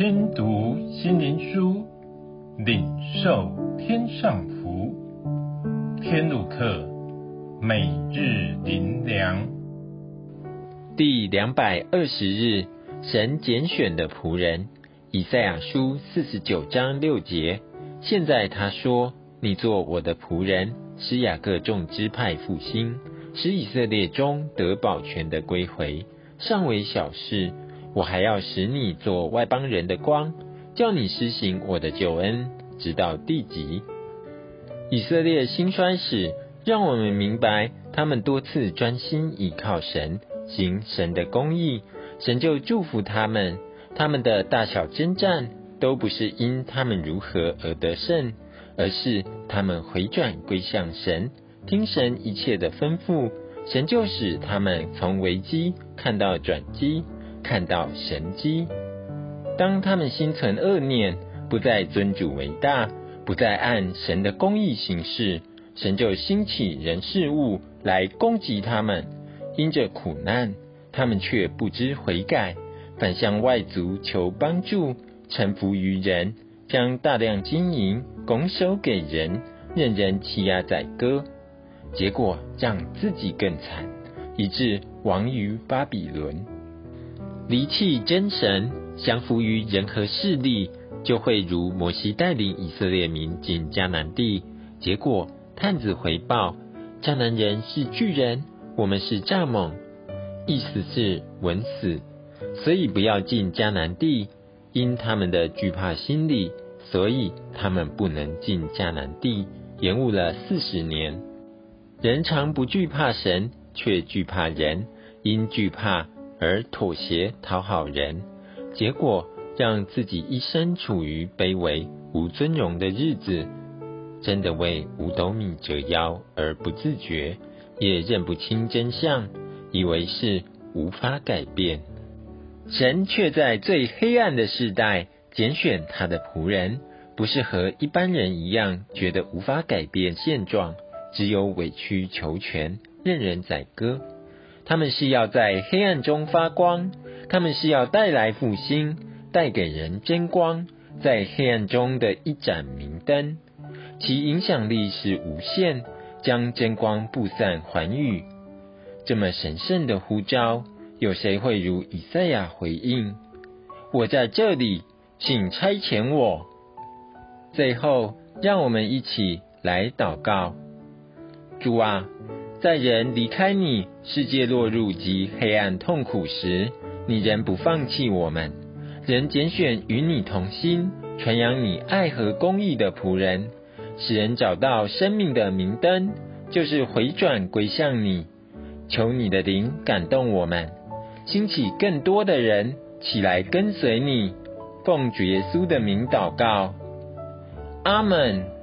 聽讀心靈書，領受天上福。天路客，每日靈糧，2 第兩百二十日，神揀選的僕人，以賽亞書四十九章六節。現在他說：“你做我的僕人，使雅各眾支派復興，使以色列中得保全的歸回，尚為小事。”我還要使你作外邦人的光，叫你施行我的救恩，直到地極。以色列興衰史，讓我們明白，他們多次專心倚靠神，行神的公義，神就祝福他們。他們的大小爭戰，都不是因他們如何而得勝，而是他們回轉歸向神，聽神一切的吩咐，神就使他們從危機看到轉機。看到神蹟，當他們心存惡念，不再尊主為大，不再按神的公義行事，神就興起人事物來攻擊他們。因着苦難，他們卻不知悔改，反向外族求幫助，臣服於人，將大量金銀拱手給人，任人欺壓宰割，結果讓自己更慘，以致亡於巴比倫。離棄真神，降服於人和勢力，就會如摩西帶領以色列民進迦南地，結果探子回報，迦南人是巨人，我們是蚱蜢，意思是穩死，所以不要進迦南地，因他們的懼怕心理，所以他們不能進迦南地，延誤了四十年。人常不懼怕神，卻懼怕人，因懼怕。而妥協討好人，結果讓自己一生處於卑微、無尊榮的日子，真的為五斗米折腰而不自覺，也認不清真相，以為是無法改變。神卻在最黑暗的世代揀選他的僕人，不是和一般人一樣覺得無法改變現狀，只有委曲求全，任人宰割。他們是要在黑暗中發光，他們是要帶來復興，帶給人真光，在黑暗中的一盞明燈，其影響力是無限，將真光布散寰宇。這麼神聖的呼召，有誰會如以賽亞回應？我在這裡，請差遣我。最後，讓我們一起來禱告：主啊！在人離開你，世界落入極黑暗痛苦時，你仍不放棄我們，仍揀選與你同心，傳揚你愛和公義的僕人，使人找到生命的明燈，就是回轉歸向你。求你的靈感動我們，興起更多的人起來跟隨你。奉主耶穌的名禱告，阿門。